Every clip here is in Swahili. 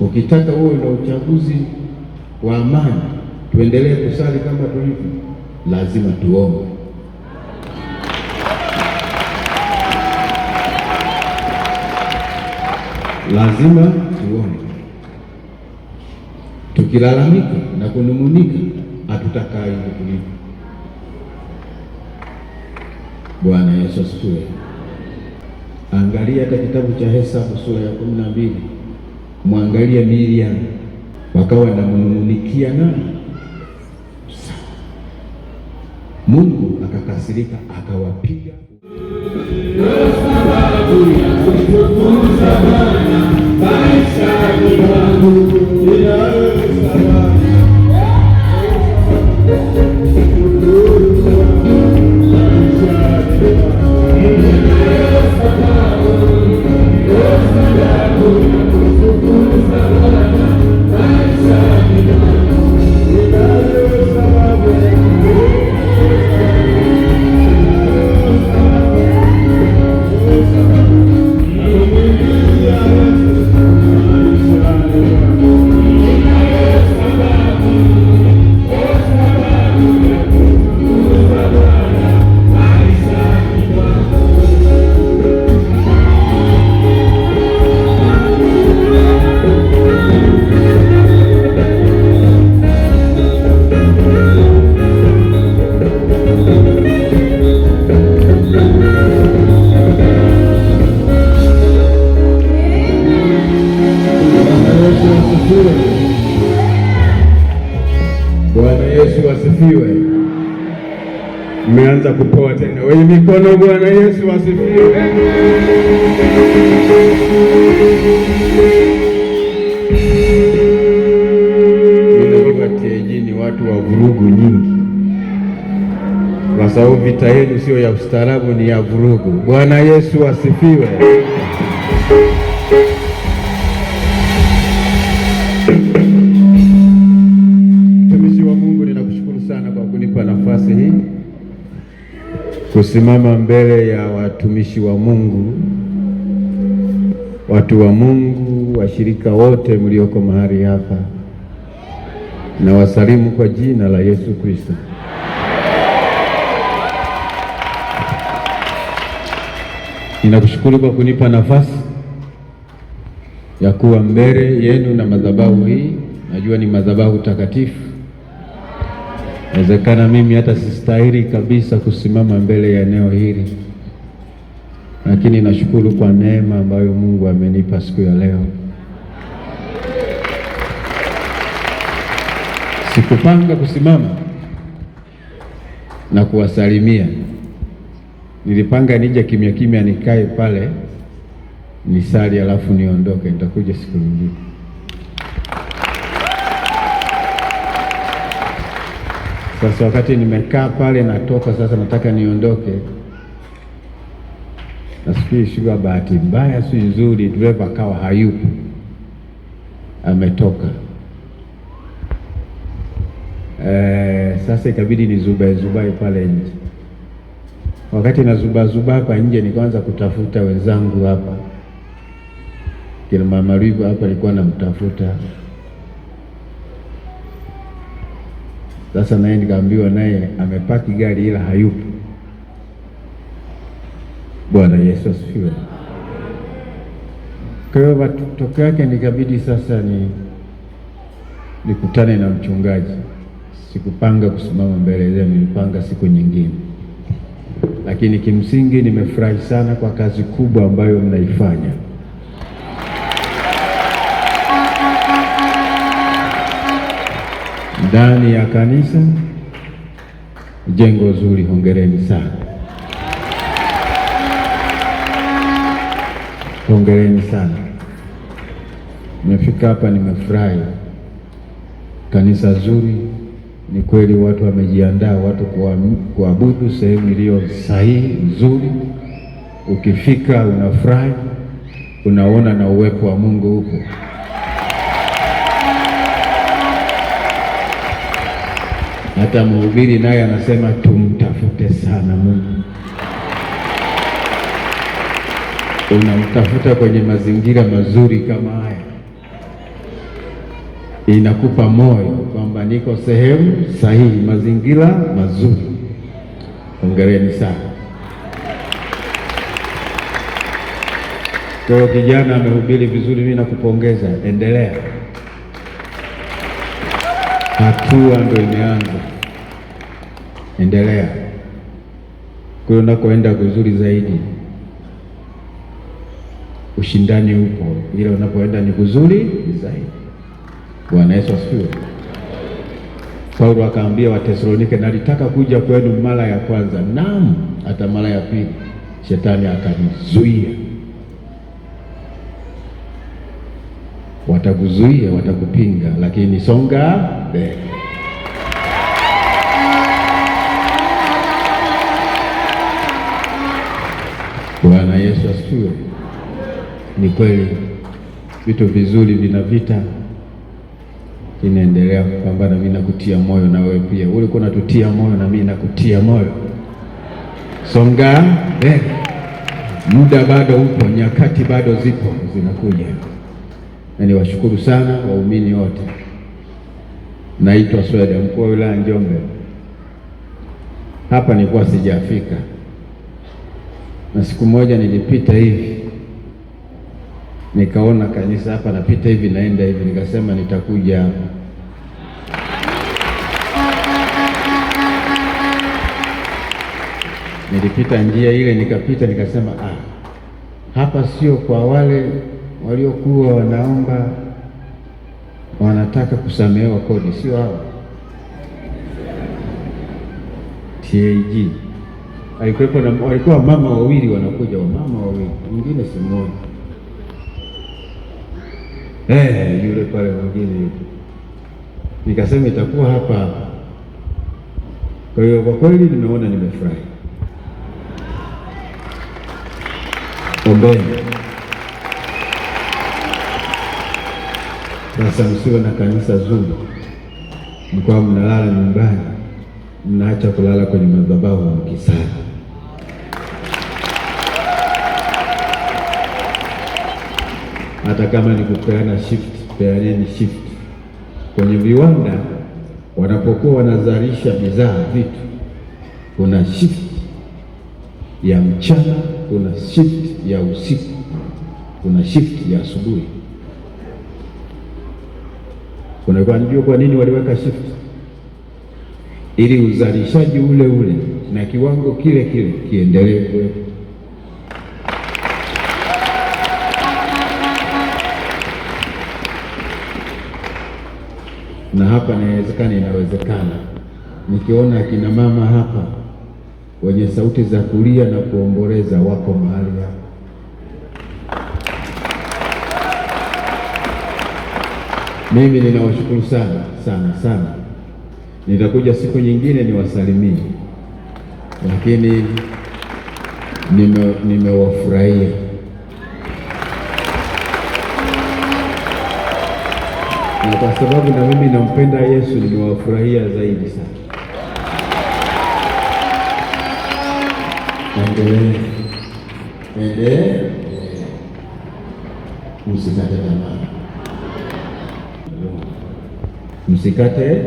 Ukitaka uwe na uchaguzi wa amani, tuendelee kusali kama tulivyo, lazima tuombe. Lazima tuone Tukilalamika na kunung'unika, hatutakaa hivyo tulivyo. Bwana Yesu asifiwe. Angalia hata kitabu cha Hesabu sura ya kumi na mbili mwangalia Miriam, wakawa wanamnungunikia nani? Mungu akakasirika akawapiga mmeanza kupoa tena wenye mikono. Bwana Yesu asifiwe. Ninajua TAG ni watu wa vurugu nyingi, kwa sababu vita yenu sio ya ustaarabu, ni ya vurugu. Bwana Yesu asifiwe. Mtumishi wa Mungu, ninakushukuru sana kwa kunipa nafasi hii kusimama mbele ya watumishi wa Mungu, watu wa Mungu, washirika wote mlioko mahali hapa, na wasalimu kwa jina la Yesu Kristo. Ninakushukuru kwa kunipa nafasi ya kuwa mbele yenu na madhabahu hii. Najua ni madhabahu takatifu Inawezekana mimi hata sistahili kabisa kusimama mbele ya eneo hili, lakini nashukuru kwa neema ambayo Mungu amenipa siku ya leo. Sikupanga kusimama na kuwasalimia, nilipanga nije kimya kimya, nikae pale nisali, alafu niondoke, nitakuja siku nyingine. Sasa wakati nimekaa pale natoka sasa, nataka niondoke, nasikia shuga, bahati mbaya si nzuri, dereva akawa hayupo, ametoka. Eh, sasa ikabidi nizubae zubae pale nje. Wakati nazubazuba hapa nje, nikaanza kutafuta wenzangu hapa Kilimanjaro hapa, nilikuwa namtafuta Sasa naye nikaambiwa naye amepaki gari ila hayupo. Bwana Yesu asifiwe. Kwa hiyo matokeo yake nikabidi sasa ni nikutane na mchungaji. Sikupanga kusimama mbele zenu, nilipanga siku nyingine, lakini kimsingi nimefurahi sana kwa kazi kubwa ambayo mnaifanya. ndani ya kanisa. Jengo zuri, hongereni sana, hongereni sana. Nimefika hapa nimefurahi, kanisa zuri. Ni kweli watu wamejiandaa, watu kuabudu sehemu iliyo sahihi nzuri. Ukifika unafurahi, unaona na uwepo wa Mungu huko. Hata mhubiri naye anasema tumtafute sana Mungu. Unamtafuta kwenye mazingira mazuri kama haya, inakupa moyo kwamba niko sehemu sahihi, mazingira mazuri. Hongereni sana. Kwa hiyo kijana amehubiri vizuri, mimi nakupongeza, endelea hatua ndo imeanza, endelea kule unakoenda kuzuri zaidi. Ushindani upo, ila unapoenda ni kuzuri zaidi. Bwana Yesu asifiwe. Paulo akaambia Watesalonike, nalitaka kuja kwenu mara ya kwanza, naam hata mara ya pili, shetani akanizuia. watakuzuia, watakupinga, lakini songa mbele. Bwana Yesu asifiwe. Ni kweli vitu vizuri vina vita inaendelea kupambana. Mimi nakutia moyo na wewe pia, ulikuwa unatutia moyo na mimi nakutia moyo. Songa mbele, muda bado upo, nyakati bado zipo, zinakuja na niwashukuru sana waumini wote. Naitwa Sweda, mkuu wa wilaya Njombe. Hapa nilikuwa sijafika, na siku moja nilipita hivi nikaona kanisa hapa, napita hivi naenda hivi, nikasema nitakuja hapa. Nilipita njia ile nikapita, nikasema ah, hapa sio kwa wale waliokuwa wanaomba wanataka kusamehewa kodi, sio hao. TAG alikuwepo na walikuwa wamama wawili wanakuja, wamama wawili, mwingine si mmoja eh, yule pale mwingine yuko. Nikasema itakuwa hapa hapa. Kwa hiyo kwa kweli nimeona nimefurahi. Ombeni. Sasa msiwe na kanisa zuri, mkawa mnalala nyumbani, mnaacha kulala kwenye madhabahu mkisali. Hata kama ni kupeana shift, peaneni shift. Kwenye viwanda wanapokuwa wanazalisha bidhaa vitu, kuna shift ya mchana, kuna shift ya usiku, kuna shift ya asubuhi. Unajua kwa nini waliweka shift? Ili uzalishaji ule ule na kiwango kile kile kiendelee kuwepo. Na hapa inawezekana, inawezekana nikiona akina mama hapa wenye sauti za kulia na kuomboleza wako mahali hapa Mimi ninawashukuru sana sana sana. Nitakuja siku nyingine niwasalimie, lakini nimewafurahia nime na kwa sababu na mimi nampenda Yesu, nimewafurahia zaidi sana. Endelee, endelee, msikate tamaa. Msikate,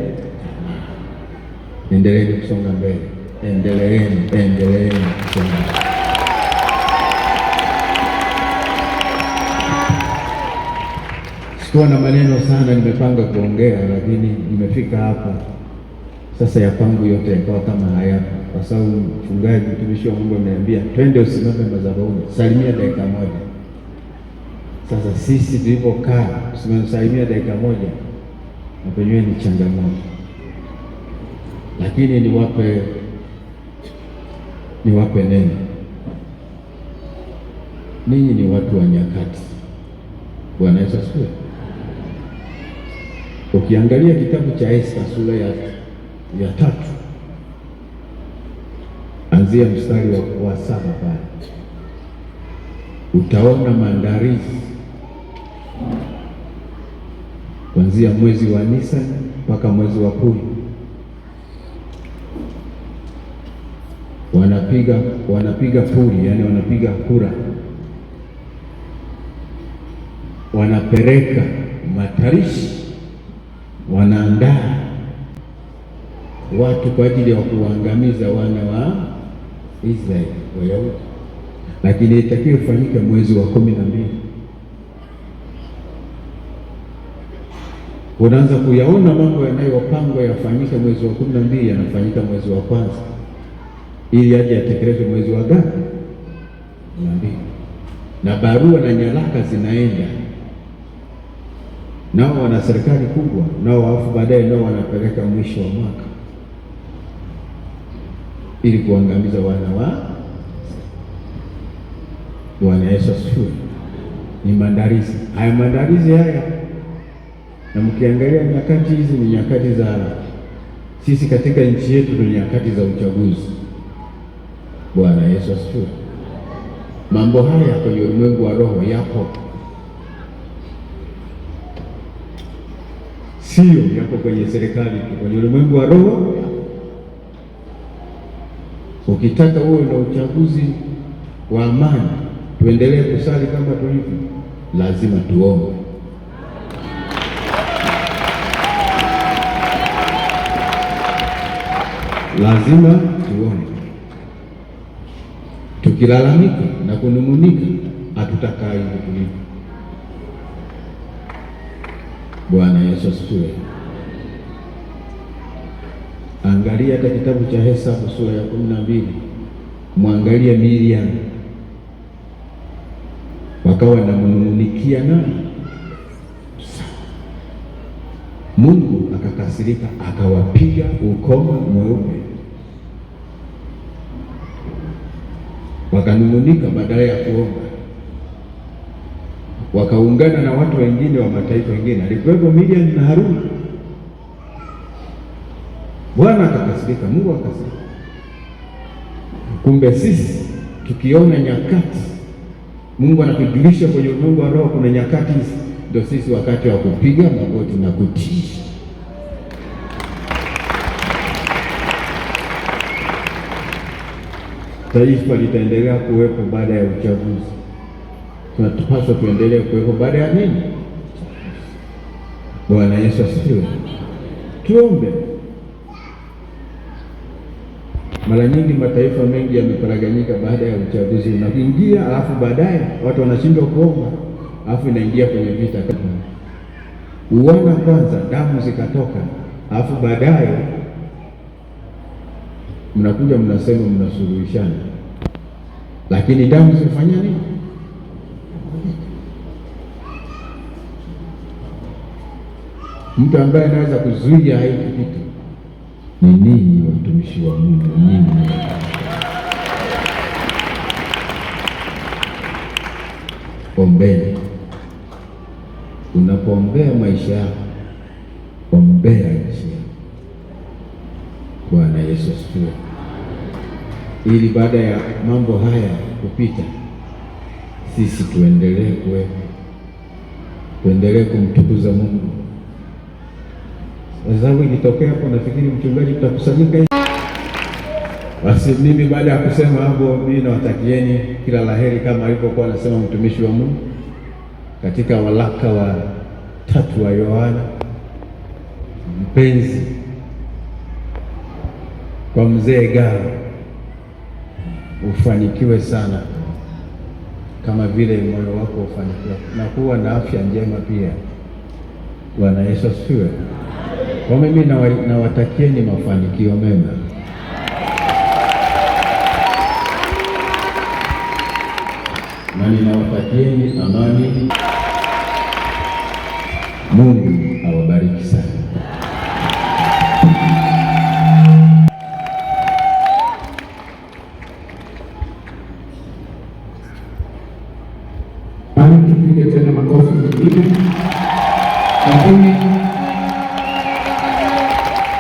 endeleeni kusonga mbele, endeleeni, endeleeni kusonga mbele. Sikuwa na maneno sana nimepanga kuongea, lakini nimefika hapa sasa, ya pangu yote yakawa kama hayapo, kwa sababu mchungaji, mtumishi wa Mungu ameambia twende, usimame madhabahuni, salimia dakika moja. Sasa sisi tulivyokaa, usimame, salimia dakika moja na penyewe ni changamoto, lakini niwape niwape neno, ninyi ni watu wa nyakati. Bwana Yesu asifiwe. Ukiangalia kitabu cha Esta sura ya, ya tatu anzia mstari wa, wa saba pale utaona maandalizi kuanzia mwezi wa Nisan mpaka mwezi wa kumi wanapiga wanapiga puli, yani wanapiga kura, wanapeleka matarishi, wanaandaa watu kwa ajili ya kuangamiza wana wa Israeli Wayahudi, lakini itakiwe ifanyike mwezi wa kumi na mbili. unaanza kuyaona mambo yanayopangwa yafanyike mwezi wa kumi na mbili yanafanyika mwezi wa kwanza, ili aje yatekelezwe mwezi wa gapi? na mbili. Na barua na nyaraka zinaenda nao, wana serikali kubwa nao, alafu baadaye nao wanapeleka mwisho wa mwaka ili kuangamiza wana wa Bwana Yesu asifiwe. Ni maandalizi haya, maandalizi haya na mkiangalia nyakati hizi ni nyakati za sisi katika nchi yetu ni nyakati za uchaguzi. Bwana Yesu asifiwe. Mambo haya kwenye ulimwengu wa roho yapo, sio yapo kwenye serikali tu, kwenye ulimwengu wa roho. Ukitaka uwe na uchaguzi wa amani, tuendelee kusali kama tulivyo, lazima tuombe. lazima tuone. Tukilalamika na kunung'unika, hatutakai hukulivu. Bwana Yesu asifiwe. Angalia hata kitabu cha Hesabu sura ya kumi na mbili, mwangalie Miriam, wakawa wanamnung'unikia nani? Mungu akakasirika, akawapiga ukoma mweupe wakanung'unika badala ya kuomba, wakaungana na watu wengine wa mataifa wengine. Alikuwepo Midian na Haruni. Bwana akakasirika, Mungu akakasirika. Kumbe sisi tukiona nyakati, Mungu anatujulisha kwenye ulimwengu wa roho kuna nyakati hizi, ndio sisi wakati wa kupiga magoti na kutii taifa litaendelea kuwepo baada ya uchaguzi. Tunatupaswa tuendelee kuwepo baada ya nini? Bwana Yesu asifiwe. Tuombe. Mara nyingi mataifa mengi yameparaganyika baada ya uchaguzi unaingia, alafu baadaye watu wanashindwa kuomba, alafu inaingia kwenye vita. Uona kwanza damu zikatoka, alafu baadaye mnakuja mnasema mnasuluhishana, lakini damu zimefanya nini? Mtu ambaye anaweza kuzuia hiki kitu ni ninyi watumishi wa Mungu, ninyi ombeni. Unapoombea maisha yako, ombea nchi yako. Bwana Yesu asifiwe ili baada ya mambo haya kupita, sisi tuendelee kuwepo, tuendelee kumtukuza Mungu. Wenzangu, ikitokea hapo, nafikiri mchungaji, tutakusanyika basi. Mimi baada ya kusema hapo, mimi nawatakieni kila laheri, kama alivyokuwa anasema mtumishi wa Mungu katika walaka wa tatu wa Yohana mpenzi kwa mzee Garo ufanikiwe sana kama vile moyo wako ufanikiwe na kuwa na afya njema pia. Bwana Yesu asifiwe. Kwa mimi nawatakieni mafanikio mema. Na ninawatakieni amani. tupige tena makofi mengine. Lakini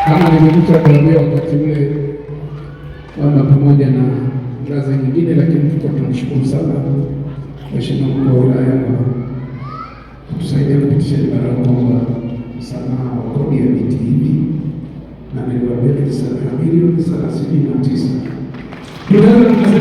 kama nimekuta kuambia wakati ule, kwamba pamoja na braza nyingine, lakini tuko tunashukuru sana Mheshimiwa Mkuu wa Wilaya kutusaidia kupitisha ibara kwamba msamaha wa kodi ya miti hivi, na niliwaambia tulisamehe milioni thelathini na tisa.